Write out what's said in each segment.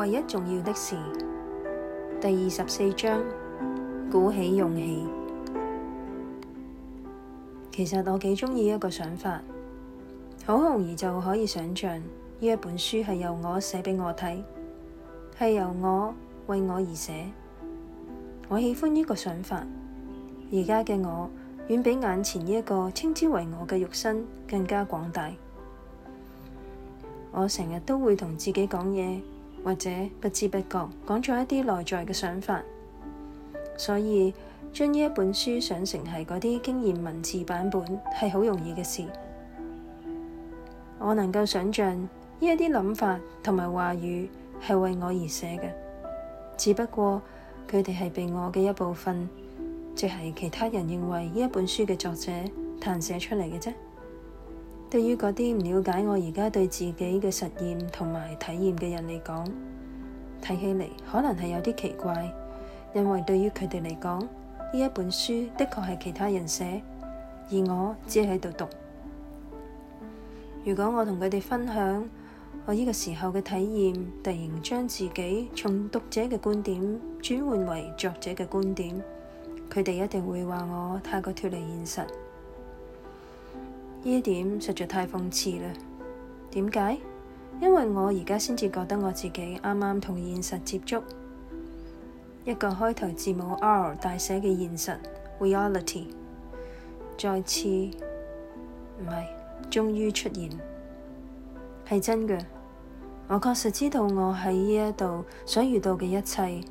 唯一重要的事，第二十四章，鼓起勇氣。其實我幾中意一個想法，好容易就可以想象呢一、這個、本書係由我寫畀我睇，係由我為我而寫。我喜歡呢個想法。而家嘅我遠比眼前呢、這、一個稱之為我嘅肉身更加廣大。我成日都會同自己講嘢。或者不知不覺講咗一啲內在嘅想法，所以將呢一本書想成係嗰啲經驗文字版本，係好容易嘅事。我能夠想象呢一啲諗法同埋話語係為我而寫嘅，只不過佢哋係被我嘅一部分，即係其他人認為呢一本書嘅作者彈寫出嚟嘅啫。對於嗰啲唔了解我而家對自己嘅實驗同埋體驗嘅人嚟講，睇起嚟可能係有啲奇怪，因為對於佢哋嚟講，呢一本書的確係其他人寫，而我只係喺度讀。如果我同佢哋分享我呢個時候嘅體驗，突然將自己從讀者嘅觀點轉換為作者嘅觀點，佢哋一定會話我太過脫離現實。呢一點實在太諷刺啦！點解？因為我而家先至覺得我自己啱啱同現實接觸，一個開頭字母 R 大寫嘅現實 （Reality） 再次，唔係，終於出現，係真嘅。我確實知道我喺呢一度所遇到嘅一切，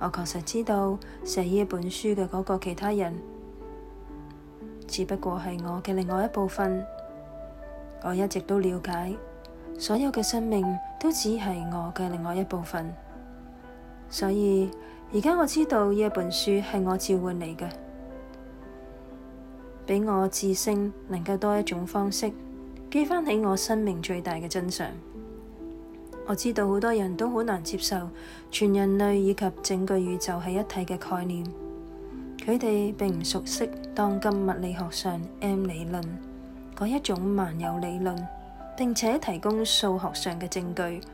我確實知道寫呢一本書嘅嗰個其他人。只不過係我嘅另外一部分，我一直都了解，所有嘅生命都只係我嘅另外一部分。所以而家我知道呢本書係我召喚嚟嘅，俾我自性能夠多一種方式，記翻起我生命最大嘅真相。我知道好多人都好難接受全人類以及整個宇宙係一體嘅概念。佢哋並唔熟悉當今物理學上 M 理論嗰一種萬有理論，並且提供數學上嘅證據，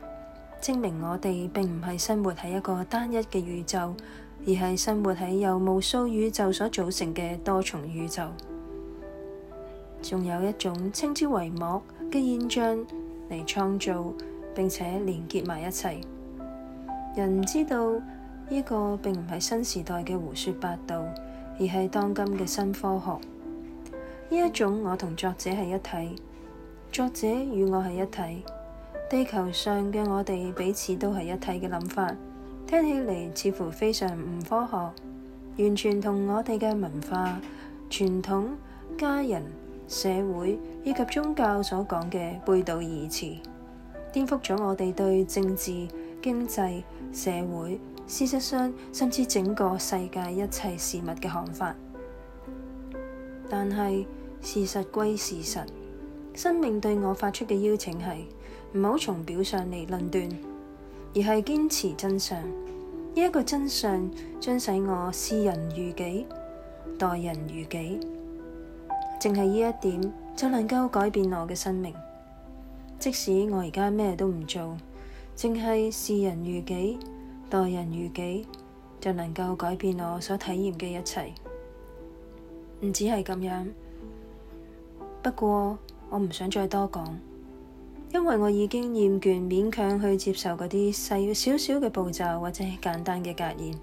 證明我哋並唔係生活喺一個單一嘅宇宙，而係生活喺由無數宇宙所組成嘅多重宇宙。仲有一種稱之為膜嘅現象嚟創造並且連結埋一齊。人知道。呢個並唔係新時代嘅胡說八道，而係當今嘅新科學。呢一種我同作者係一體，作者與我係一體，地球上嘅我哋彼此都係一體嘅諗法，聽起嚟似乎非常唔科學，完全同我哋嘅文化、傳統、家人、社會以及宗教所講嘅背道而馳，顛覆咗我哋對政治、經濟、社會。事實上，甚至整個世界一切事物嘅看法。但係事實歸事實，生命對我發出嘅邀請係唔好從表上嚟論斷，而係堅持真相。呢一個真相將使我視人如己，待人如己。淨係呢一點就能夠改變我嘅生命，即使我而家咩都唔做，淨係視人如己。待人如己，就能夠改變我所體驗嘅一切。唔止係咁樣，不過我唔想再多講，因為我已經厭倦勉強去接受嗰啲細少少嘅步驟或者簡單嘅格言。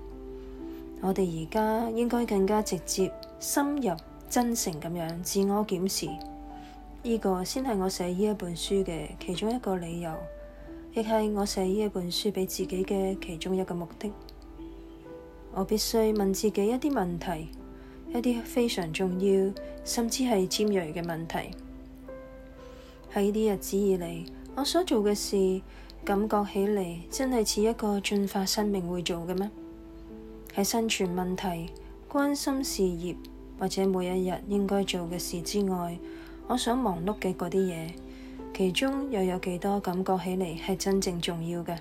我哋而家應該更加直接、深入、真誠咁樣自我檢視。呢、呢個先係我寫呢一本書嘅其中一個理由。亦係我寫呢一本書畀自己嘅其中一個目的。我必須問自己一啲問題，一啲非常重要，甚至係尖銳嘅問題。喺呢啲日子以嚟，我所做嘅事，感覺起嚟，真係似一個進化生命會做嘅咩？喺生存問題、關心事業或者每一日應該做嘅事之外，我想忙碌嘅嗰啲嘢。其中又有幾多感覺起嚟係真正重要嘅？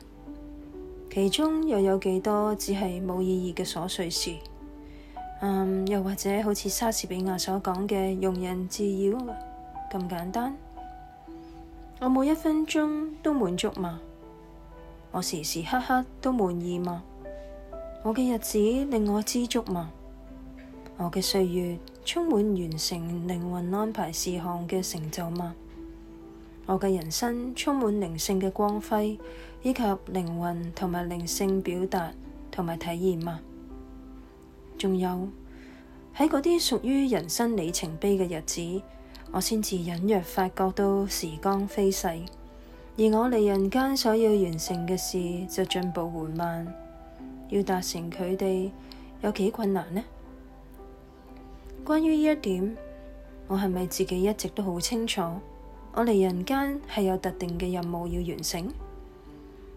其中又有幾多只係冇意義嘅瑣碎事？嗯，又或者好似莎士比亞所講嘅“庸人自擾”咁簡單？我每一分鐘都滿足嗎？我時時刻刻都滿意嗎？我嘅日子令我知足嗎？我嘅歲月充滿完成靈魂安排事項嘅成就嗎？我嘅人生充滿靈性嘅光輝，以及靈魂同埋靈性表達同埋體驗啊！仲有喺嗰啲屬於人生里程碑嘅日子，我先至隱約發覺到時光飛逝，而我嚟人間所要完成嘅事就進步緩慢，要達成佢哋有幾困難呢？關於呢一點，我係咪自己一直都好清楚？我嚟人間係有特定嘅任務要完成。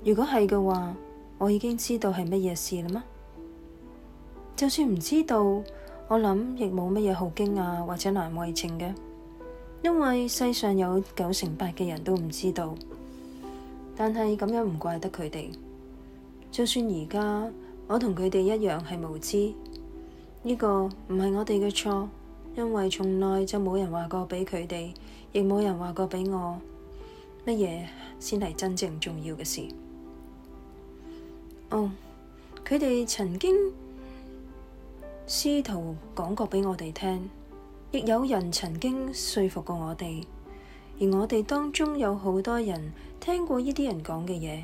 如果係嘅話，我已經知道係乜嘢事了嗎？就算唔知道，我諗亦冇乜嘢好驚訝或者難為情嘅，因為世上有九成八嘅人都唔知道。但係咁樣唔怪得佢哋。就算而家我同佢哋一樣係無知，呢個唔係我哋嘅錯。因為從來就冇人話過畀佢哋，亦冇人話過畀我，乜嘢先係真正重要嘅事。哦，佢哋曾經試圖講過畀我哋聽，亦有人曾經說服過我哋，而我哋當中有好多人聽過呢啲人講嘅嘢，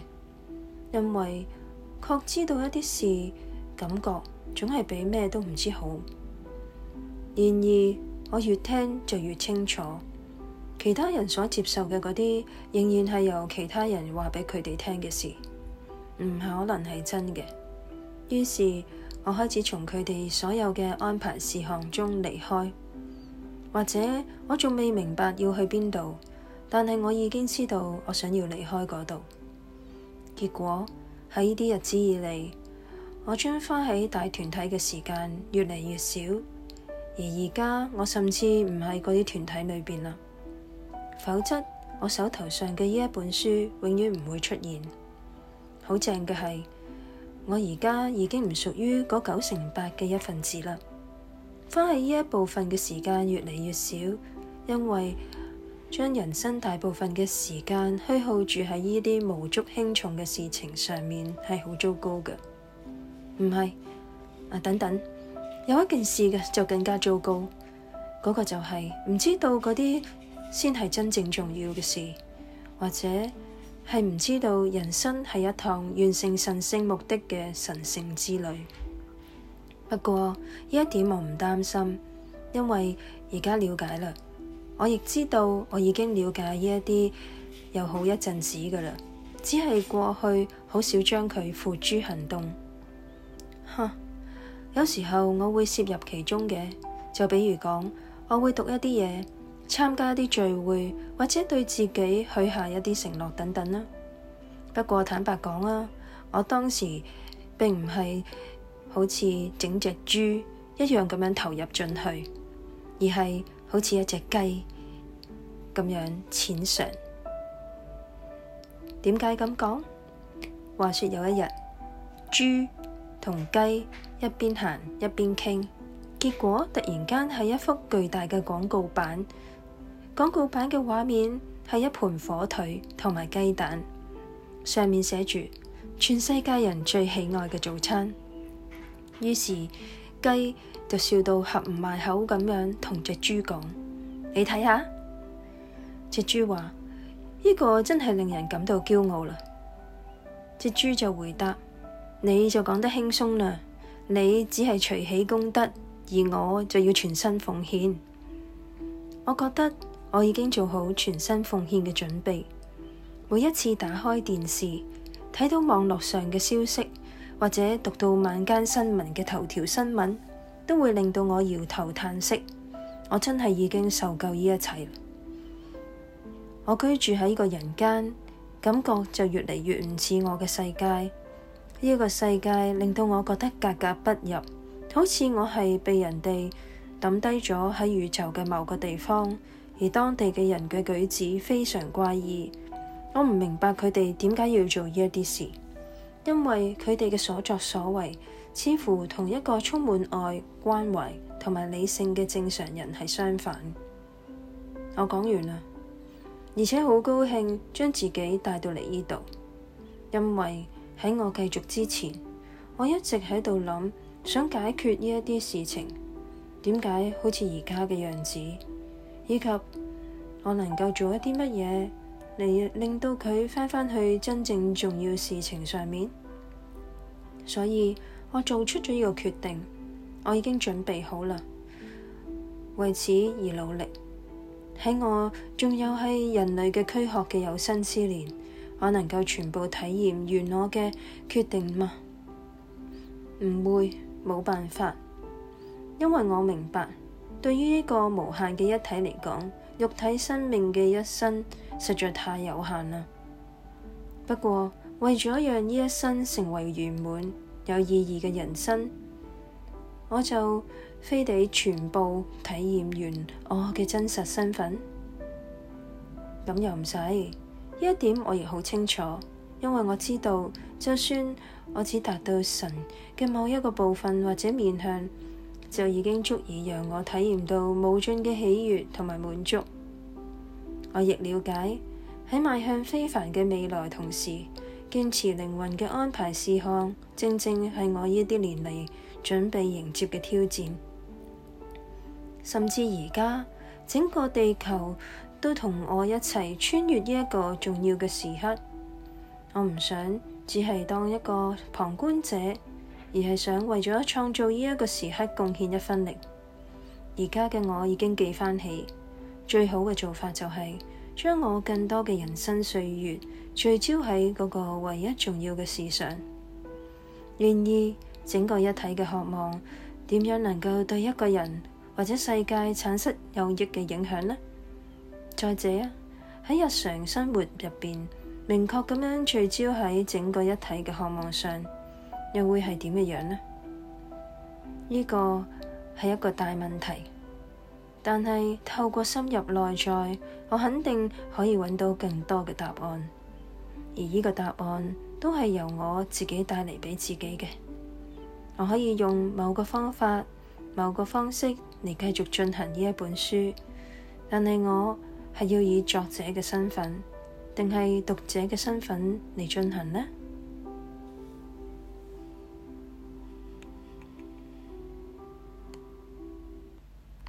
因為確知道一啲事，感覺總係比咩都唔知好。然而，我越聽就越清楚，其他人所接受嘅嗰啲，仍然係由其他人話俾佢哋聽嘅事，唔可能係真嘅。於是我開始從佢哋所有嘅安排事項中離開，或者我仲未明白要去邊度，但係我已經知道我想要離開嗰度。結果喺呢啲日子以嚟，我將花喺大團體嘅時間越嚟越少。而而家我甚至唔喺嗰啲團體裏邊啦，否則我手頭上嘅呢一本書永遠唔會出現。好正嘅係，我而家已經唔屬於嗰九成八嘅一份子啦。返喺呢一部分嘅時間越嚟越少，因為將人生大部分嘅時間虛耗住喺呢啲無足輕重嘅事情上面，係好糟糕嘅。唔係啊，等等。有一件事嘅，就更加糟糕，嗰個就係唔知道嗰啲先係真正重要嘅事，或者係唔知道人生係一趟完成神聖目的嘅神聖之旅。不過呢一點我唔擔心，因為而家了解啦，我亦知道我已經了解呢一啲有好一陣子噶啦，只係過去好少將佢付諸行動。有時候我會涉入其中嘅，就比如講，我會讀一啲嘢，參加一啲聚會，或者對自己許下一啲承諾等等啦。不過坦白講啊，我當時並唔係好似整隻豬一樣咁樣投入進去，而係好似一隻雞咁樣淺嘗。點解咁講？話說有一日，豬。同雞一邊行一邊傾，結果突然間係一幅巨大嘅廣告板。廣告板嘅畫面係一盤火腿同埋雞蛋，上面寫住全世界人最喜愛嘅早餐。於是雞就笑到合唔埋口咁樣同隻豬講：你睇下。隻豬話：呢個真係令人感到驕傲啦。隻豬就回答。你就講得輕鬆啦，你只係隨喜功德，而我就要全身奉獻。我覺得我已經做好全身奉獻嘅準備。每一次打開電視，睇到網絡上嘅消息，或者讀到晚間新聞嘅頭條新聞，都會令到我搖頭嘆息。我真係已經受夠呢一切了。我居住喺呢個人間，感覺就越嚟越唔似我嘅世界。呢個世界令到我覺得格格不入，好似我係被人哋抌低咗喺宇宙嘅某個地方，而當地嘅人嘅舉止非常怪異，我唔明白佢哋點解要做呢一啲事，因為佢哋嘅所作所為似乎同一個充滿愛、關懷同埋理性嘅正常人係相反。我講完啦，而且好高興將自己帶到嚟呢度，因為。喺我繼續之前，我一直喺度諗，想解決呢一啲事情。點解好似而家嘅樣子，以及我能夠做一啲乜嘢嚟，令到佢翻返去真正重要事情上面？所以我做出咗呢個決定，我已經準備好啦，為此而努力。喺我仲有係人類嘅軀殼嘅有生之年。我能夠全部體驗完我嘅決定嗎？唔會，冇辦法，因為我明白，對於一個無限嘅一體嚟講，肉體生命嘅一生實在太有限啦。不過，為咗讓呢一生成為圓滿、有意義嘅人生，我就非得全部體驗完我嘅真實身份。咁又唔使。依一點我亦好清楚，因為我知道，就算我只達到神嘅某一個部分或者面向，就已經足以讓我體驗到無盡嘅喜悅同埋滿足。我亦了解喺邁向非凡嘅未來同時，堅持靈魂嘅安排事項，正正係我依啲年嚟準備迎接嘅挑戰。甚至而家整個地球，都同我一齊穿越呢一個重要嘅時刻。我唔想只係當一個旁觀者，而係想為咗創造呢一個時刻貢獻一分力。而家嘅我已經記翻起最好嘅做法就係、是、將我更多嘅人生歲月聚焦喺嗰個唯一重要嘅事上。然而，整個一體嘅渴望點樣能夠對一個人或者世界產生有益嘅影響呢？再者，喺日常生活入邊，明確咁樣聚焦喺整個一體嘅渴望上，又會係點嘅樣呢？呢個係一個大問題，但係透過深入內在，我肯定可以揾到更多嘅答案。而呢個答案都係由我自己帶嚟畀自己嘅。我可以用某個方法，某個方式嚟繼續進行呢一本書，但係我。係要以作者嘅身份，定係讀者嘅身份嚟進行呢？